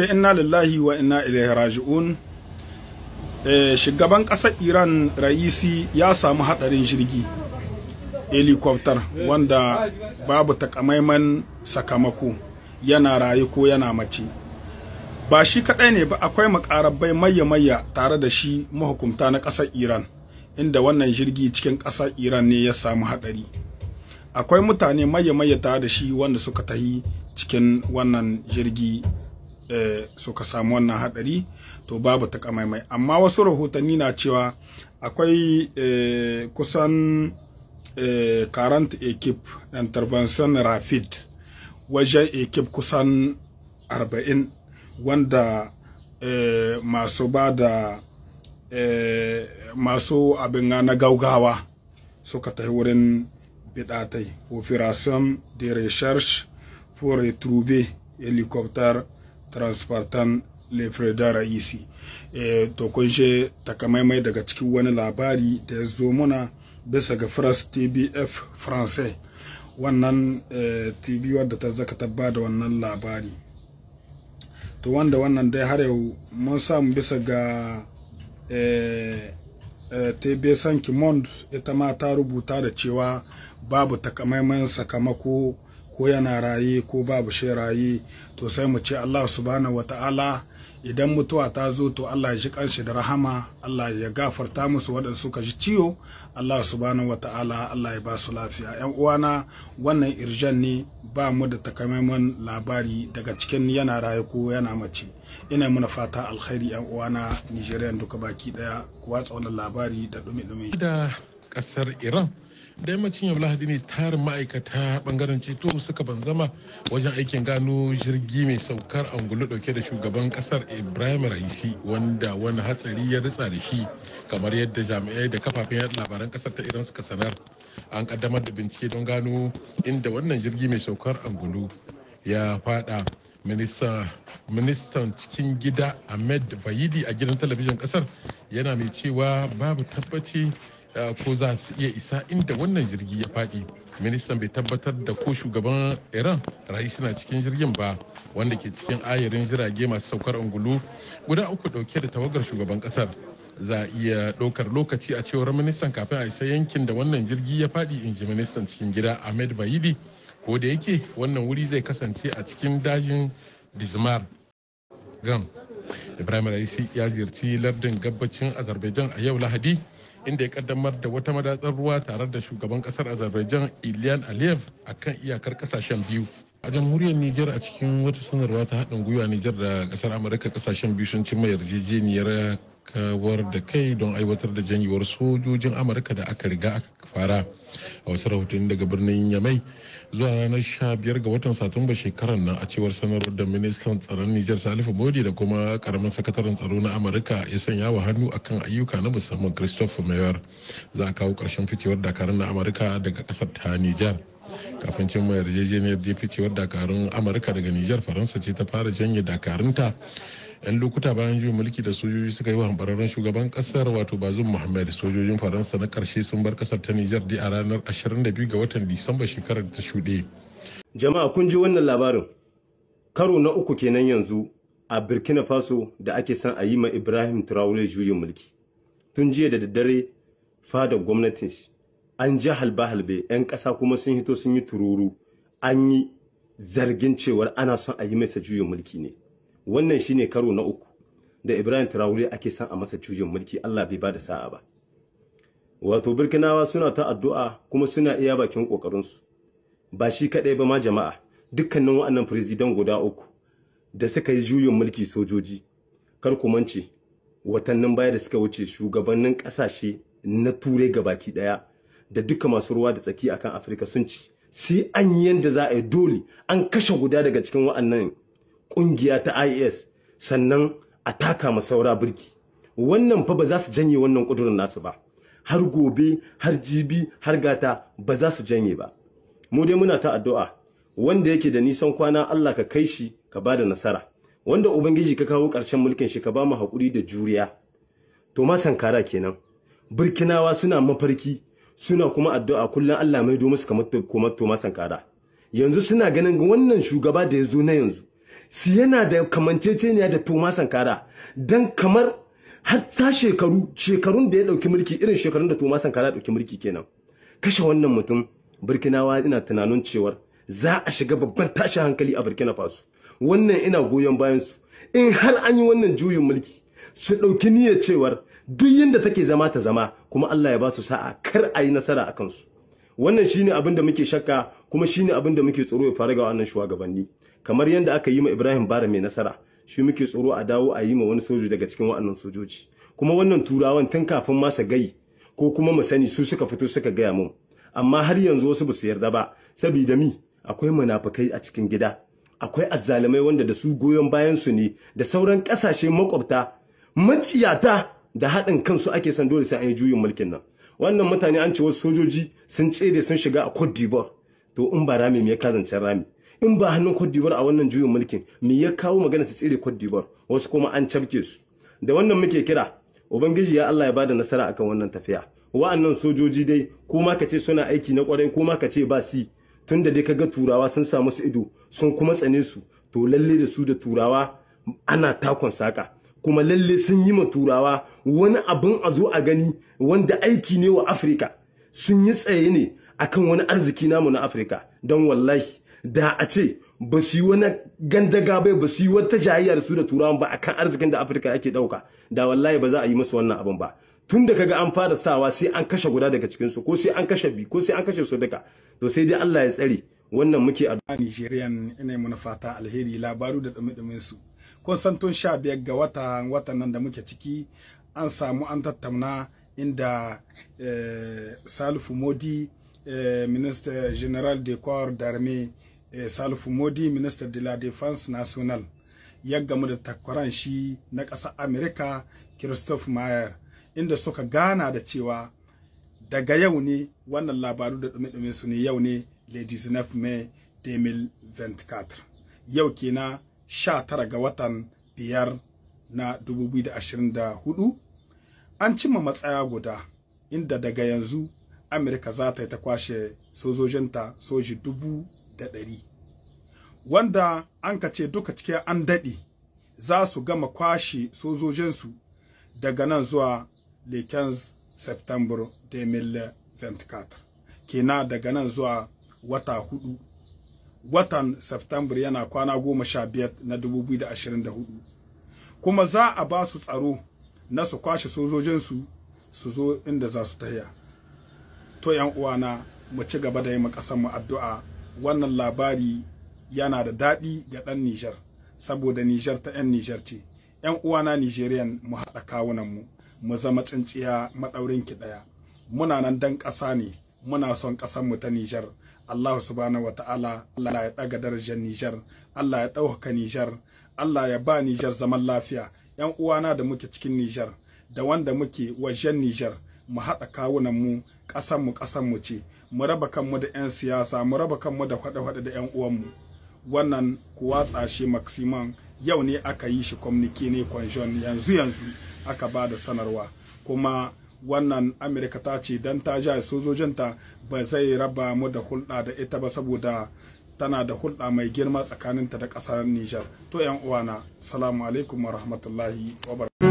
ce inna lillahi wa inna ilaihi raji'un eh, shugaban ƙasar iran raisi ya samu hadarin jirgi helicopter wanda babu takamaiman sakamako yana raye ko yana mace ba shi kaɗai ne ba akwai makarabai mayya-mayya tare da shi mahukumta na ƙasar iran inda wannan jirgi cikin ƙasar iran ne ya samu haɗari akwai mutane mayya-mayya tare da shi wanda suka tahi cikin wannan jirgi Eh, suka samu wannan hadari to babu takamaimai amma wasu rahotanni na cewa akwai eh, kusan karant eh, ekip intervention rapid wajen ekip kusan 40 wanda masu ba da masu abin na gaugawa suka tafi wurin bidatai operation de recherche pour retrouver hélicoptère le lefreda raisi e, to kunshe takamaimai daga cikin wani labari da ya muna bisa ga france tbf français wannan eh, tv wadda ta zaka ta ba da wannan labari to wanda wannan dai har yau mun samu bisa ga eh, tb sankimond ita ma ta rubuta da cewa babu takamaiman sakamako ko yana raye ko babu shi raye to sai mu ce Allah subhanahu wata'ala idan mutuwa ta zo to Allah ya ji kanshi da rahama Allah ya gafarta musu waɗanda suka ji ciwo Allah subhanahu wata'ala Allah ya ba su lafiya ƴan uwana wannan irjan ne ba mu da takamaiman labari daga cikin yana raye ko yana mace ina muna fata alkhairi ƴan uwana Nigeria duka baki daya ku watsa wannan labari da dumi-dumi da kasar Iran da yammacin yau lahadi ne tarin ma'aikata bangaren ceto suka banzama wajen aikin gano jirgi mai saukar angulu dauke da shugaban kasar ibrahim raisi wanda wani hatsari ya ritsa da shi kamar yadda jami'ai da kafafen yada labaran kasar ta iran suka sanar an kaddamar da bincike don gano inda wannan jirgi mai saukar angulu ya fada ministan cikin gida ahmed bayidi a gidan talabijin kasar yana mai cewa babu tabbaci Eh, ko za su iya isa inda wannan jirgi ya faɗi ministan bai tabbatar da ko shugaban iran rayu suna cikin jirgin ba wanda ke cikin ayarin jirage masu saukar ungulu guda uku ɗauke da tawagar shugaban ƙasar za a iya ɗaukar lokaci a cewar ministan kafin a isa yankin da wannan jirgi ya faɗi in ji ministan cikin gida ahmed bayidi ko da yake wannan wuri zai kasance a cikin dajin dizmar gan ibrahim raisi ya ziyarci lardin gabacin azerbaijan a yau lahadi inda ya kaddamar da wata madatsar ruwa tare da shugaban kasar azerbaijan ilian aliyev a kan iyakar kasashen biyu a jamhuriyar niger a cikin wata sanarwa ta haɗin gwiwa niger da kasar amurka kasashen biyu sun ci mayar yarjejeniyar kawar da kai don aiwatar da janyewar sojojin amurka da aka riga aka fara a wasu rahotanni daga birnin yamai zuwa ranar 15 ga watan satumba shekarar nan a cewar sanarwar da ministan tsaron nijar salifu modi da kuma karamin sakataren tsaro na amurka ya sanya wa hannu akan ayyuka na musamman christopher mayor za a kawo karshen ficewar dakarun na amurka daga kasar ta nijar kafin cin mayar yarjejeniyar da ficewar dakarun amurka daga nijar faransa ce ta fara janye dakarunta 'yan lokuta bayan juyin mulki da sojoji suka yi wa hambararren shugaban kasar wato bazum muhammad sojojin faransa na karshe sun bar kasar ta nijar da a ranar 22 ga watan disamba shekarar ta shuɗe jama'a kun ji wannan labarin karo na uku kenan yanzu a burkina faso da ake son a yi ma ibrahim traore juyin mulki tun jiya da daddare fada gwamnatin shi an ji halbe-halbe 'yan ƙasa kuma sun hito sun yi tururu an yi zargin cewar ana son a yi masa juyin mulki ne wannan shine karo na uku da Ibrahim Traore ake san a masa cujin mulki Allah bai bada sa'a ba wato birkinawa suna ta addu'a kuma suna iya bakin kokarin ba shi kadai ba ma jama'a dukkanin wa'annan president guda uku da suka yi juyin mulki sojoji kar ku mance watannin baya da suka wuce shugabannin kasashe na turai baki ɗaya da duka masu ruwa da tsaki akan Afirka sun ci sai an yi yanda za a yi dole an kashe guda daga cikin wa'annan kungiya ta IS sannan a taka ma saura birki wannan fa ba za su janye wannan kudurin nasu ba har gobe har jibi har gata ba za su janye ba mu dai muna ta addu'a wanda yake da nisan kwana Allah ka kai shi ka bada nasara wanda ubangiji ka kawo ƙarshen mulkin shi ka ba mu haƙuri da juriya to ma sankara kenan birkinawa suna mafarki suna kuma addu'a kullum Allah maido musu kamar to sankara yanzu suna ganin wannan shugaba da ya zo na yanzu su yana da kamanceceniya da Thomas Sankara don kamar har ta shekaru shekarun da ya dauki mulki irin shekarun da Thomas Sankara dauki mulki kenan kashe wannan mutum Burkinawa ina tunanin cewar za a shiga babban tashin hankali a Burkina Faso wannan ina goyon bayan su in har an yi wannan juyin mulki su dauki niyyar cewar duk yadda take zama ta zama kuma Allah ya ba su sa'a kar a yi nasara a kansu wannan shine abin da muke shakka kuma shine abin da muke tsoro ya fara ga wannan shugabanni kamar yadda aka yi ma Ibrahim Bara mai nasara shi muke tsoro a dawo a yi ma wani sojoji daga cikin waɗannan sojoji kuma wannan turawan tun kafin ma su gai ko kuma mu sani su suka fito suka gaya mun amma har yanzu wasu ba su yarda ba saboda mi akwai munafukai a cikin gida akwai azzalumai wanda da su goyon bayan su ne da sauran kasashe makwabta maciyata da haɗin kansu ake son dole sai an yi juyin mulkin nan wannan mutane an ce wasu sojoji sun tsere sun shiga a Cote d'Ivoire to in ba rami me ya kazance rami in ba hannun Cote d'Ivoire a wannan juyin mulkin me ya kawo magana su tsire Cote wasu kuma an cafke su da wannan muke kira ubangiji ya Allah ya bada nasara akan wannan tafiya wa'annan sojoji dai ko ma kace suna aiki na kwarai ko ma kace ba si tunda dai ka ga turawa sun samu su ido sun kuma tsane su to lalle da su da turawa ana takon saka kuma lalle sun yi ma turawa wani abin a zo a gani wanda aiki ne wa Afirka sun yi tsaye ne akan wani arziki namu na Afirka don wallahi da a ce ba su yi wani gandaga bai ba su yi wata jayayya da su da turawan ba akan arzikin da afirka ake dauka da wallahi ba za a yi musu wannan abin ba tun da kaga an fara sawa sai an kashe guda daga cikin su ko sai an kashe bi ko sai an kashe su duka to sai dai Allah ya tsare wannan muke a nigeria ina mu fata alheri labaru da dumi-dumin su kun san tun 15 ga wata watan nan da muke ciki an samu an tattauna inda eh, Salifu Modi eh, minister general de corps d'armée Eh, salifu modi minista de la defense national ya gamu da takwaran shi na ƙasar amerika christophe mayer inda suka gana da cewa daga yau ne wannan labaru da dumi ɗume su ne yau ne lady zinaf may 2024 yau ke sha 19 ga watan 5 na 2024 an cimma matsaya guda inda daga yanzu amirka za ta yi ta kwashe sojojinta soji dubu da ɗari wanda an ka ce duka cikin an daɗe za su gama kwashe sojojinsu daga nan zuwa leken september 2024 kena daga nan zuwa wata hudu watan september yana kwana goma sha biyar na 2024 kuma za a ba su tsaro na su kwashe sojojinsu su zo inda za su tahiya to yan uwana mu ci gaba da yi mu addu'a wannan labari yana da daɗi ga ɗan Nijar saboda Nijar ta 'yan Nijar ce 'yan uwana Nijeriyan mu haɗa kawunanmu mu zama tsintsiya maɗaurin ki ɗaya muna nan dan ƙasa ne muna son ƙasanmu ta Nijar Allah subhanahu wa ta'ala Allah ya ɗaga darajar Nijar Allah ya ɗauka Nijar Allah ya ba Nijar zaman lafiya 'yan uwana da muke cikin Nijar da wanda muke wajen Nijar mu haɗa kawunanmu mu ƙasanmu mu ce mu raba kanmu da 'yan siyasa mu raba kanmu da faɗe kwada da 'yan uwanmu wannan kuwa tsashe maximan yau ne aka yi shi kwamniki ne kwanshon yanzu yanzu aka ba da sanarwa kuma wannan amurka ta ce don ta ja sojojinta ba zai raba mu da hulɗa da ita ba saboda tana da hulɗa mai girma tsakaninta da ƙasar nijar to 'yan uwana salamu alaikum wa rahmatullahi wa